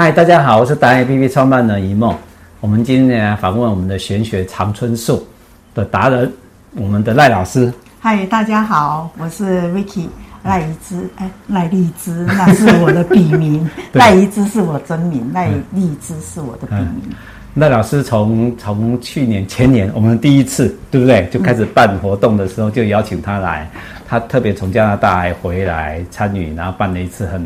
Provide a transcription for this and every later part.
嗨，大家好，我是達 A P P 創辦人一夢。我們今天來訪問我們的玄學長春術的達人，我們的賴老師。嗨，大家好，我是 Vicky 賴、嗯、一枝，哎、欸，賴儷之那是我的筆名，賴 一枝是我真名，賴 儷、嗯、儷之是我的筆名。賴、嗯、老師從從去年前年，我們第一次對不對，就開始辦活動的時候，嗯、就邀請他來，他特別從加拿大回來參與，然後辦了一次很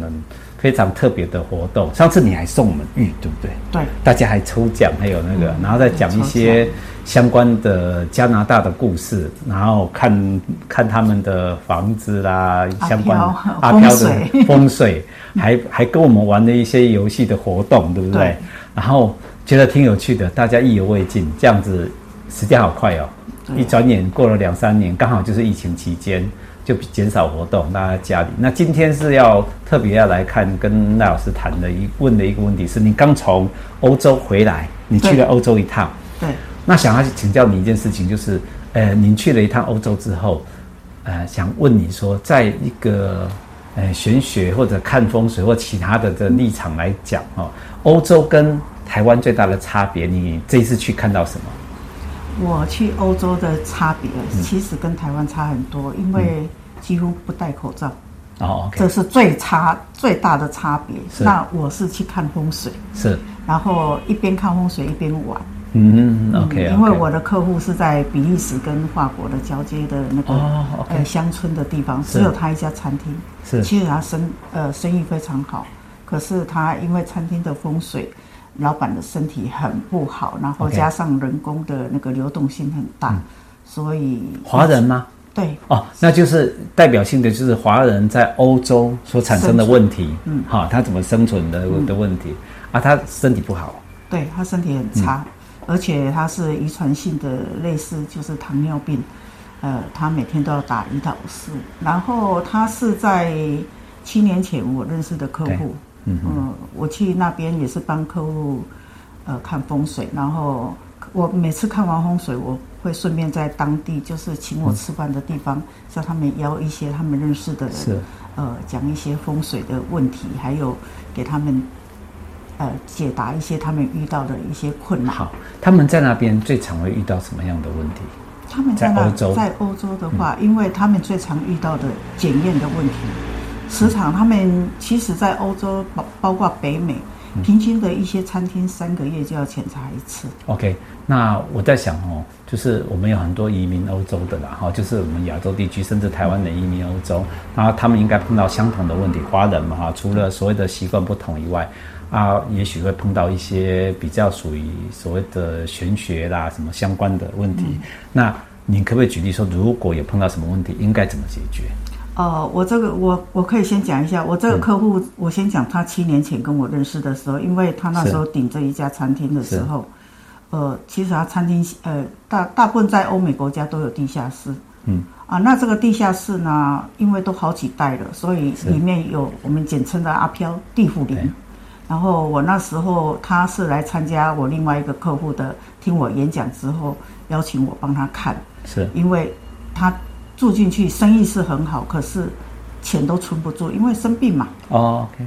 非常特別的活動，上次你還送我們玉，對不對？對，大家還抽獎，還有那個，嗯，然後再講一些相關的加拿大的故事，然後看看他們的房子啦，相關阿飄的風水，風水，還還跟我們玩了一些遊戲的活動，對不對，對？然後覺得挺有趣的，大家意猶未盡，這樣子。時間好快哦，一轉眼過了兩三年，剛好就是疫情期間，就減少活動，那家,家裡。那今天是要特別要來看跟賴老師談的一問的一個問題，是你剛從歐洲回來，你去了歐洲一趟，對。對那想要請教你一件事情，就是呃，你去了一趟歐洲之後，呃，想問你說，在一個呃玄學或者看風水或其他的這個立場來講哦，歐洲跟台灣最大的差別，你這一次去看到什麼？我去歐洲的差別，其實跟台灣差很多，嗯，因為幾乎不戴口罩。哦，嗯，這是最差，哦 okay，最大的差別。是。那我是去看風水。是。然後一邊看風水一邊玩。嗯，嗯 okay，OK。因為我的客戶是在比利時跟法國的交接的那個鄉，哦 okay 呃、村的地方，哦 okay，只有他一家餐廳。是。其實他生呃生意非常好，可是他因為餐廳的風水，老闆的身體很不好，然後加上人工的那個流動性很大，嗯、所以華人嗎？對哦，那就是代表性的，就是華人在歐洲所產生的問題。嗯，哈、哦，他怎麼生存的的問題？嗯、啊，他身體不好，對他身體很差、嗯，而且他是遺傳性的，類似就是糖尿病。呃，他每天都要打胰島素，然後他是在。七年前我認識的客戶嗯，嗯，我去那邊也是幫客戶，呃，看風水。然後我每次看完風水，我會順便在當地，就是請我吃飯的地方，叫、嗯、他們邀一些他們認識的人，呃，講一些風水的問題，還有給他們，呃，解答一些他們遇到的一些困難。好，他們在那邊最常會遇到什麼樣的問題？他們在那，在歐洲，在歐洲的話、嗯，因為他們最常遇到的檢驗的問題。磁場他們其實在歐洲，在歐洲包、包括北美，平均的一些餐廳三個月就要檢查一次。OK，那我在想哦，就是我們有很多移民歐洲的啦，哈，就是我們亞洲地區甚至台灣的移民歐洲，然後他們應該碰到相同的問題，華人嘛，哈，除了所謂的習慣不同以外，啊，也許會碰到一些比較屬於所謂的玄學啦什麼相關的問題。嗯、那你可不可以舉例說，如果有碰到什麼問題，應該怎麼解決？哦、呃，我這個我我可以先講一下，我這個客戶、嗯、我先講他七年前跟我認識的時候，因為他那時候頂着一家餐廳的時候，呃，其實他餐廳呃，大大部分在歐美國家都有地下室，嗯，啊、呃，那這個地下室呢，因為都好幾代了，所以裡面有我們簡稱的阿飄地府靈、嗯，然後我那時候他是來參加我另外一個客戶的聽我演講之後邀請我幫他看，是因為他。住進去，生意是很好，可是錢都存不住，因為生病嘛。哦、oh, okay.，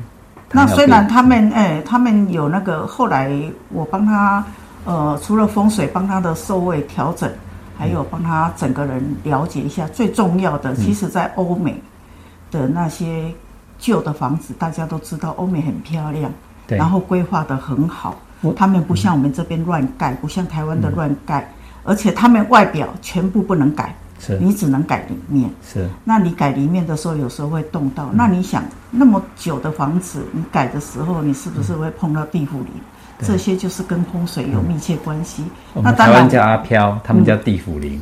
那雖然他們，誒、欸，他們有那個，後來我幫他，呃，除了風水幫他的收位調整，還有幫他整個人了解一下。最重要的，嗯、其實，在歐美的那些舊的房子，大家都知道，歐美很漂亮，然後規劃得很好，他們不像我們這邊亂蓋，不像台灣的亂蓋、嗯，而且他們外表全部不能改。是你只能改裡面，是。那你改裡面的時候，有時候會動到。嗯、那你想那麼久的房子，你改的時候，你是不是會碰到地府靈、嗯？這些就是跟風水有密切關係、嗯。那當然，我們台灣叫阿飄、嗯，他們叫地府靈。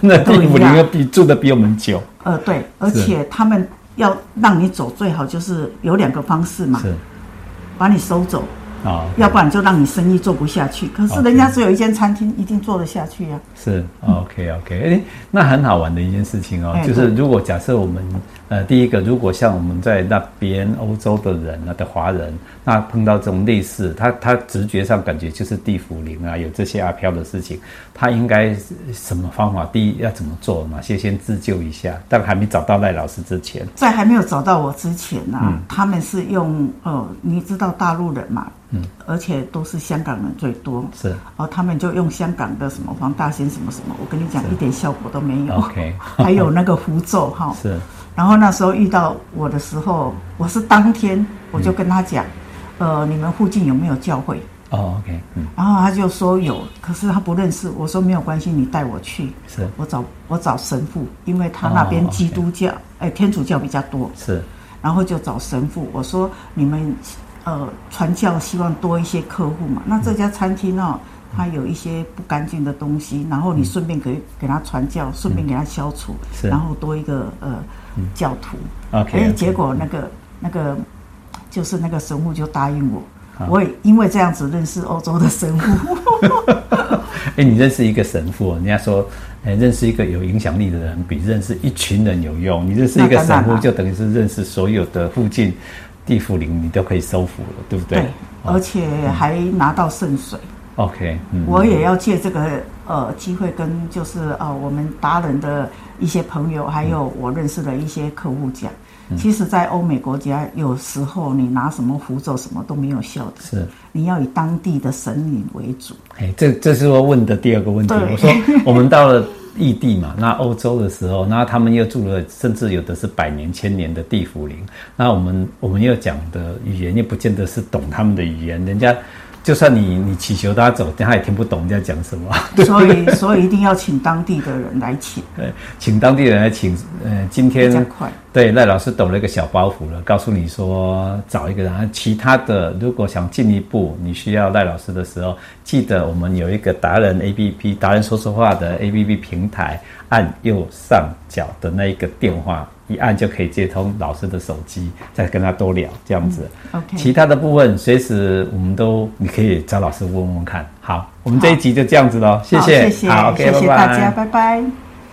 那、嗯、地府靈要、嗯、住得比我們久。呃，對，而且他們要讓你走，最好就是有兩個方式嘛，把你收走。啊、oh, okay.，要不然就讓你生意做不下去。可是人家只有一間餐廳，一定做得下去呀、啊 okay. 嗯。是，OK OK，、欸、那很好玩的一件事情哦。欸、就是如果假設我們，呃，第一個，如果像我們在那邊歐洲的人那的、個、華人，那碰到這種類似，他他直覺上感覺就是地府靈啊，有這些阿飄的事情，他應該什麼方法？第一要怎麼做？哪些先自救一下？但還沒找到賴老師之前，在還沒有找到我之前呢、啊嗯，他們是用哦、呃，你知道大陸人嘛？而且都是香港人最多。是，然後他們就用香港的什麼黃大仙什麼什麼，我跟你講一點效果都沒有。OK， 還有那個符咒哈。是。然後那時候遇到我的時候，我是當天我就跟他講、嗯，呃，你們附近有沒有教會？哦、oh,，OK，、嗯、然後他就說有，可是他不認識。我說沒有關係，你帶我去。是，我找我找神父，因為他那邊基督教哎、oh, okay. 欸、天主教比較多。是，然後就找神父，我說你們。呃，傳教希望多一些客戶嘛。那這家餐廳哦，它有一些不乾淨的東西，然後你順便可以給它傳教，順便給它消除，然後多一個呃、嗯、教徒。OK, okay.、欸。結果那個那個就是那個神父就答應我，我也因為這樣子認識歐洲的神父 欸。你認識一個神父、啊，人家說，哎、欸，認識一個有影響力的人比認識一群人有用。你認識一個神父，就等於是認識所有的附近。地府靈你都可以收服了，對不對？對，而且還拿到聖水。OK，、嗯、我也要借這個呃機會跟就是啊、呃、我們達人的一些朋友，還有我認識的一些客戶講。其實，在歐美國家，有時候你拿什麼符咒什麼都沒有效的。是，你要以當地的神靈為主。哎、欸，這這是我問的第二個問題。我說，我們到了異地嘛，那歐洲的時候，那他們又住了，甚至有的是百年千年的地府靈。那我們我們要講的語言又不見得是懂他們的語言，人家就算你你祈求他走，他也聽不懂你在講什麼。所以，所以一定要請當地的人來請。對、欸，請當地人來請。呃、欸，今天快。對，賴老師抖了一個小包袱了，告訴你說找一個人。其他的如果想進一步，你需要賴老師的時候，記得我們有一個達人 A P P，達人說說話的 A P P 平台，按右上角的那一個電話，一按就可以接通老師的手機，再跟他多聊，這樣子。嗯 okay，其他的部分隨時我們都你可以找老師問問看。好，我們這一集就這樣子嘍，謝謝，好，謝謝，okay，謝謝大家 bye bye，拜拜。